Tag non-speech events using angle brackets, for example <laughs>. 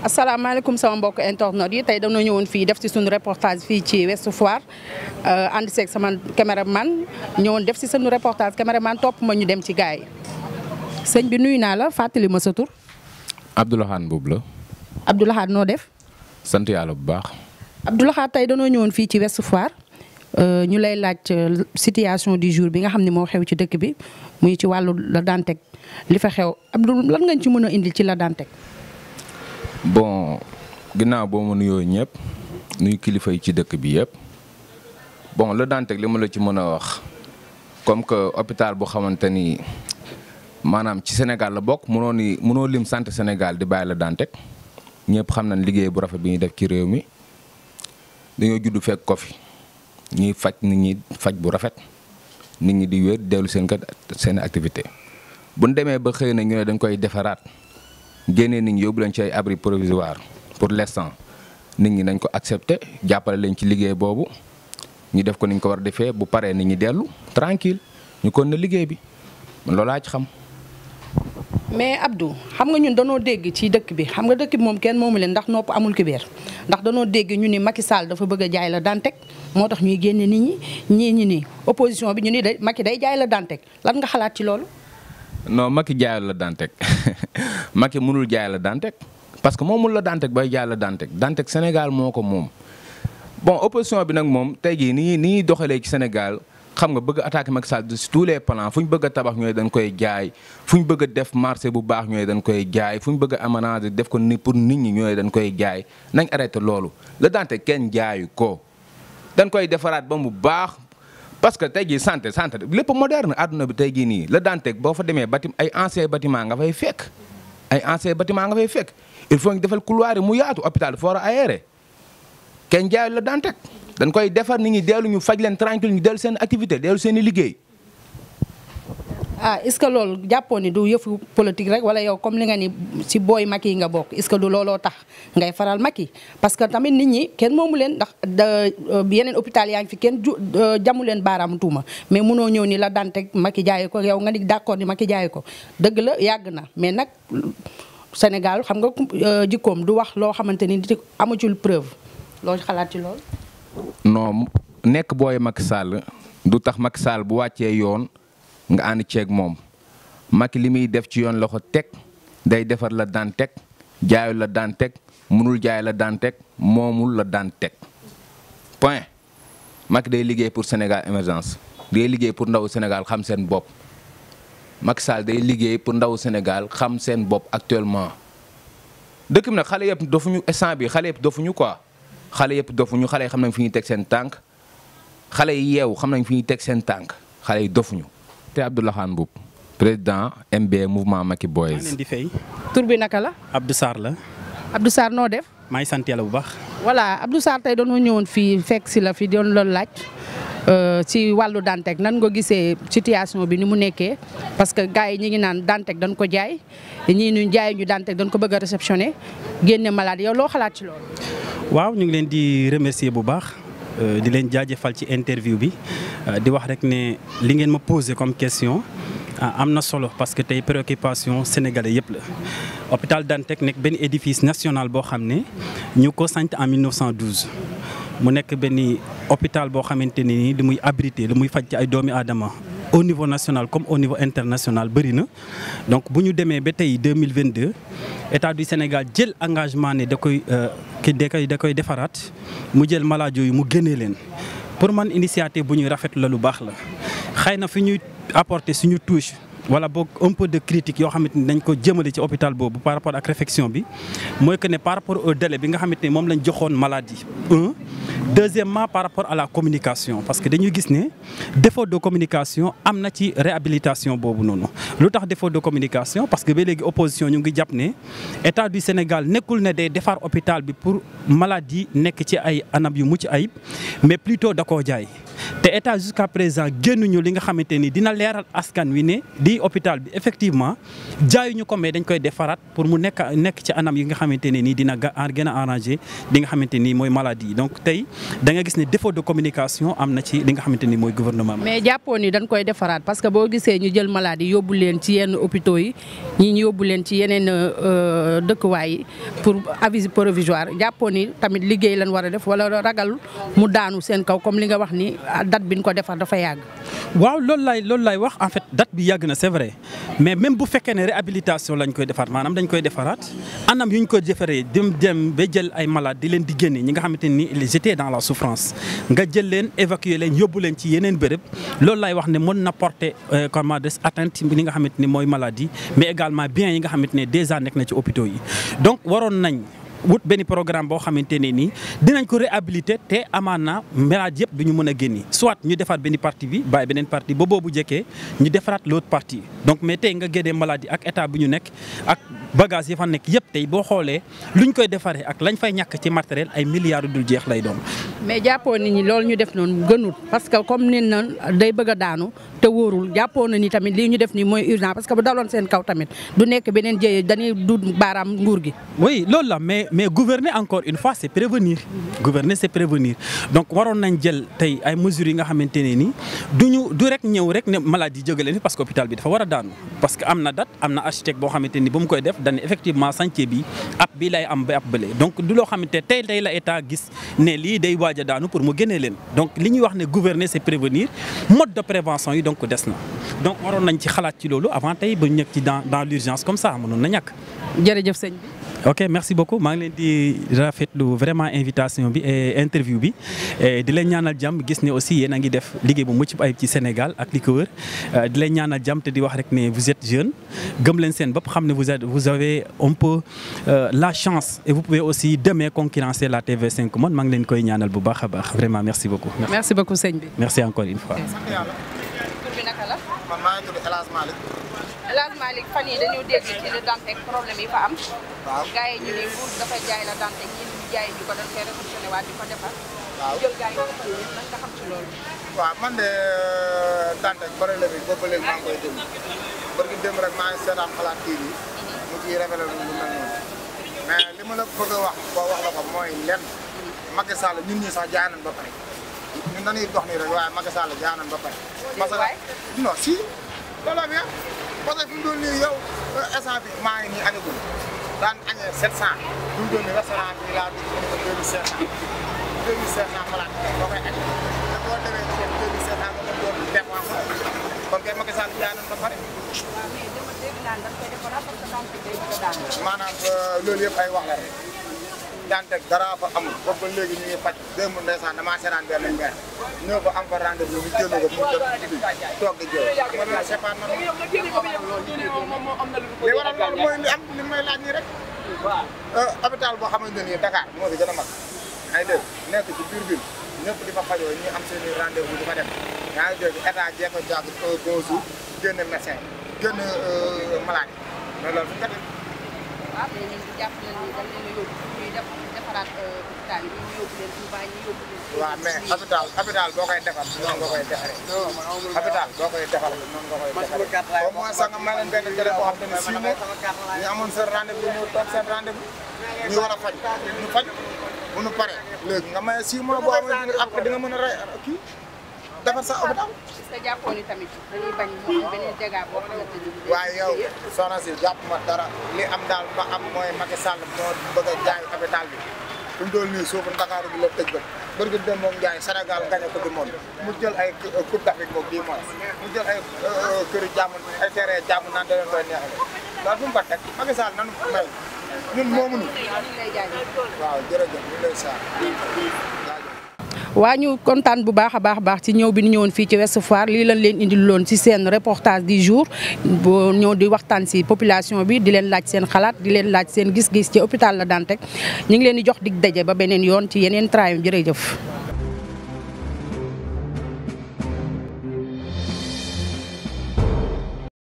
asalaamaaleykum sama mbokk internet yi tey dañoo ñëwoon fii def ci suñu reportage fii ci Ouest Foire euh, ànd seeg sama man ñëwoon def ci suñu reportage caméraman topp ma ñu dem ci gaay sëñ bi nuyu naa la fàttali ma sa tur. Abdoulahane Mbuub la. Abdoulahane noo def. santu yàlla bu baax. Abdoulahane tey dañoo ñëwoon fii ci Ouest Foire euh, ñu lay laaj euh, situation du jour bi nga xam ne moo xew ci dëkk bi muy ci wàllu la Dantec li fa xew Abdou lan nga ci mën a indil ci la Dantec. bon ginnaaw boo ma nuyoo ñëpp nuy kilifa yi ci dëkk bi yëpp bon la danteek li ma la ci mën a wax comme que hôpital bu xamante ni maanaam ci Sénégal la bokk mënoo ni mënoo lim santé Sénégal di bàyyi la Dantec ñëpp xam nañ liggéey bu rafet bi ñuy def ci réew mi dañoo juddu fekk ko fi ñuy faj nit ñi faj bu rafet nit ñi di wér dellu seen kat seen activité bu ñu demee ba xëy na ñu ne dañ koy defaraat. génnee nit ñi yóbbu lañ ci abri provisoire pour l'instant nit ñi nañ ko accepte jàppale leen ci liggéey boobu ñu def ko ni ñu ko war defee bu paree nit ñi dellu tranquille ñu kon na liggéey bi loolaa ci xam. mais Abdou xam nga ñun danoo dégg ci dëkk bi xam nga dëkk bi moom kenn moomu leen ndax nopp amul kubéer ndax danoo dégg ñu ni Macky Sall dafa bëgg jaay la Dantec moo tax ñuy génne nit ñi ñii ñi ni opposition bi ñu ni day Macky day jaay la Dantec lan nga xalaat ci loolu. non Macky jaayal la Dantec <laughs> Macky munul jaay la Dantec parce que moom mun la Dantec bay jaay la danteek Dantec Sénégal moo ko moom. bon opposition bi nag moom tey jii ni ni ñuy doxalee ci Sénégal xam nga bëgg attaquer Macky Sall sur tous les plans fu ñu bëgg a tabax ñooy dañ koy jaay fu ñu bëgg def marché bu baax ñooy dañ koy jaay fu ñu bëgg a def ko ni pour nit ñi ñooy dañ koy jaay nañ arrêté loolu la Dantec kenn jaayu ko dañ koy defaraat ba mu baax. parce que tey jii santé santé lépp moderne àdduna bi tey jii nii la daan boo fa demee bati ay ancien bâtiment nga fay fekk ay ancien bâtiment nga fay fekk il faut ñu defal couloir yi mu yaatu hôpital fort aéré kenn jaayul la daan teg dañ koy defar nit ñi dellu ñu faj leen tranquille ñu dellu seen activité dellu seen i liggéey ah est ce que lol japoni du yeuf politique rek wala yow comme li nga ni si boy maki nga bok est ce que du lolo tax ngay faral maki. parce que tamit nit ñi kenn moomu leen ndax euh, yenen hôpital yaa fi kenn euh, jamu tuuma mais mëno ñew ni la dante maki jaay ko yow nga ni d'accord ni maki jaay ko deug la yàgg na mais nak Sénégal xam nga euh, jikom du wax lo xamanteni ni amu ci preuve lo xalat ci lol non nek boy maki Sall du tax maki Sall bu wacce yoon. nga ànd ceeg moom Macky li muy def ci yoon loxo tek day defar la dan tek jaayul la dan tek mënul jaay la dan tek momul la dan tek point Macky day liggéey pour Sénégal émergence day liggéey pour ndaw Sénégal xam sen bop Macky Sall day liggéey pour ndaw Sénégal xam sen bop actuellement deuk bi nag xale yëpp dofuñu instant bi xale yëpp dofuñu quoi xalé yëpp dofuñu xalé xam nañ fiñu tek sen tank xalé xale yi yeewu xam nañ fiñu tek sen tank xalé yi dofuñu te Abdoulakhane Mboup président MB mouvement Macky Boys. maa leen di fay. tur bi la. Abdou Sarr la. Abdou Sarr noo def. maa ngi sant yàlla bu baax. voilà Abdou Sarr tey doon ñëwoon fii fekk si la fi doon loolu laaj euh, ci wàllu Dantec nan nga gisee situation bi ni mu nekkee parce que gars yi ñu ngi naan Dantec dañ ko jaay ñii ñu jaay ñu Dantec dañ ko bëgg a réceptionné génne malade yow loo xalaat ci loolu. waaw ñu ngi leen di remercier bu baax. Euh, di leen jaajëfal ci interview bi euh, di wax rek ne li ngeen ma comme question ah, amna solo parce que tey préoccupation sénégalais yépp la hôpital Dantec ben édifice national bo xamné ne ñu ko en 1912 mu nekk ben hôpital bo xamante ne nii abriter muy abrité li muy faj ay doomi adama au niveau national comme au niveau international berina donc buñu démé ba tay 2022 état du Sénégal jël engagement né da koy euh, ki da koy da koy defaraat mu jël malade yooyu mu génnee leen pour man initiative bu ñuy rafetlu la lu baax la xëy fi ñuy apporter suñu touche. wala boog un peu de critique yoo xamante ni dañ ko jëmale ci hôpital boobu par rapport ak réfection bi mooy que ne par rapport au délai bi nga xamante ne moom lañ joxoon maladie un deuxièmement par rapport à la communication parce que dañuy gis né, défaut de communication am ci réhabilitation bobu noonu lu défaut de communication parce que ba léegi opposition ñu ngi jàpp ne état du Sénégal nekkul ne day defar hôpital bi pour maladie nekk ci ay anam yu mucc ayib mais plutôt da koo jaay te état jusqu'à présent génnuñu li nga xamante ni dina leeral askan wi ne di hôpital bi effectivement jaayuñu ko mais dañ koy defaraat pour mu nekk nekk ci anam yi nga xamete ne dina gën a arrangé li nga xamante ni maladie donc tey da nga gis ne défaut de communication am na ci li nga xamante ni mooy gouvernement mais jàppoon ni dañ koy defaraat parce que boo gisee ñu jël malade yi yóbbu leen ci yenn hôpitaux yi ñi yóbbu leen ci yeneen euh, euh, dëkkuwaay yi pour avis provisoire jàppoo ni tamit liggéey lañ war a def wala ragal mu daanu seen kaw comme li nga wax ni date bi ñu ko defar dafa yàgg. waaw loolu laay loolu laay wax en fait date bi yàgg na c'est vrai mais même bu fekkee ne réhabilitation lañ koy defar maanaam dañ koy defaraat anam yu ñu ko jëfaree dem dem ba jël ay malade di leen di génne ñi nga xamante ni ils étaient dans la souffrance nga jël len évacuer len yóbbu len ci yenen béréb lolou lay wax né mon na euh, comme des atteintes li nga xamante ni mooy maladie mais également bien yi nga xamante ne déjà nekk na ci hôpitaux yi donc waron nañ wut benn programme bo xamante ne nii dinañ ko réhabiliter té amana na malade yëpp du ñu mën génni soit ñu defaat benn parti bi bay beneen parti bo bobu jekkee ñu defaraat l'autre parti. donc mais tey nga gédé maladie ak état bi ñu nekk ak bagage yi fa nekk yëpp tey boo xoolee luñ koy defaree ak lañ fay ñàkk ci matériel ay milliards dul jeex lay doon. mais jàppoon na ni loolu ñu def noonu gënul parce que comme nee na day bëgg daanu te wóorul jàppoon na ni tamit lii ñu def nii mooy urgent parce que bu daloon seen kaw tamit du nekk beneen jëye dañuy duut baaraam nguur gi. oui loolu la mais mais gouverner encore une fois c'est prévenir. gouverner c'est prévenir donc waroon nañ jël tey ay mesures yi nga xamante ne nii du ñu du rek ñëw rek ne maladie jóge leen fi parce que hôpital bi dafa war a daanu parce que am na date am na architecte boo xamante ni bu mu koy def. dañu effectivement chantier bi ab bi lay am ba ab bële donc du lo xamante tay tay la état gis né li day waaj a daanu pour mu guéné len donc li ñuy wax né gouverner c'est prévenir mode de prévention yi donc dessna donc waroon nañ ci xalat ci lolu avant tay ba ñu ci dans dans l'urgence comme ça mënoon na ñàkk jërëjëf sëñ bi ok merci beaucoup maa ngi leen di rafetlu vraiment invitation bi et interview bi di leen ñaanal jàmm gis ne aussi yéen a ngi def liggéey bu mucc ci Sénégal ak li ko wër euh, di leen ñaanal jàmm te di wax rek ne vous êtes jeune gëm leen seen bopp xam ne vous êtes vous avez on peut euh, la chance et vous pouvez aussi demain concurrencer la TV5 man maa ngi leen koy ñaanal bu baax a vraiment merci beaucoup. merci beaucoup sëñ bi merci encore une fois. man maa ngi tudd El Hadj Malick Elhadj Malick fan yi dañoo dégg ci Le Dantec problème yi fa am. waaw gars yi buur dafa jaay Le Dantec yi jaay ñu ko defar. waaw jël gars yi ko defar euh, yi maa ngi koy seetaan xalaat kii bi mhm. mu ciy révélé lu mel noonu mais li ma la bëgg a wax boo wax la ko mooy lenn Macky ñun ñii sax jaay ba pare ñun dañuy dox nii rek waaye Macky Sall ba pare. parce que non si. looloo bi parce que fi mu doon nii yow instant bi maa ngi nii añagul daan añee 700 fi mu doon nii restaurant bi laa dugg mu ko 2500 2500 malade boo koy añee te boo demee ci 2500 nga doon dépense kon kay Macky Sall jaay nañ ba pare. maanaam loolu yëpp ay wax la rek. daan dara fa amul boobu ba léegi ñu ngi faj démb ndeysaan damaa seetaan benn maire ñëw ba am fa rendez-vous ñu génn ko toog di jël man la c'est pas normal li waral loolu mooy li am li may laaj nii rek euh, hôpital boo xamante ni Dakar moo fi gën a mag ay dégg nekk ci biir bi ñëpp di fa fajoo ñi am seen i rendez di fa dem yaa ngi dégg état jee ko jàpp euh, bonjour génn médecin génn euh, malade mais loolu fu Touba mais ñun ñu a yóbbu hôpital hôpital boo koy defar noonu nga koy defaree. hôpital boo koy defar noonu nga koy defaree. au moins sax nga may leen benn boo xam te ne six mois ñu amoon seen rendez-vous ñu toog seen rendez-vous ñu war a faj ñu faj bu ñu paree léegi nga may six mois boo xam ne après di nga mën a rey kii. defar sa hôpital. est-ce que jàppoon ni tamit dañuy bañ mu am benn dégât waaye yow soxna si jàpp ma dara li am daal ma am mooy Macky Sall moo bëgg a jaay hôpital bi. fu mu doon nii suufu Ndakaaru bi la tëj ba bërgi dem moom Ndiaye Sénégal gañ a ko mu jël ay euh, coupe d'Afrique moom bii mooy mu jël ay euh, këri jàmm naan da leen koy neexale loolu fu mu ko teg Macky Sall may ñun moomuñu waaw jërëjëf ñu lay saa waa ñu kontaan bu baax a baax baax ci ñëw bi ñu ñëwoon fii ci Ouest Foire lii lañ leen indil loon ci seen reportage di jour boo ñëw di waxtaan ci population bi di leen laaj seen xalaat di leen laaj seen gis-gis ci hôpital La Dantec ñu ngi leen di jox dig daje ba beneen yoon ci yeneen traayam jërëjëf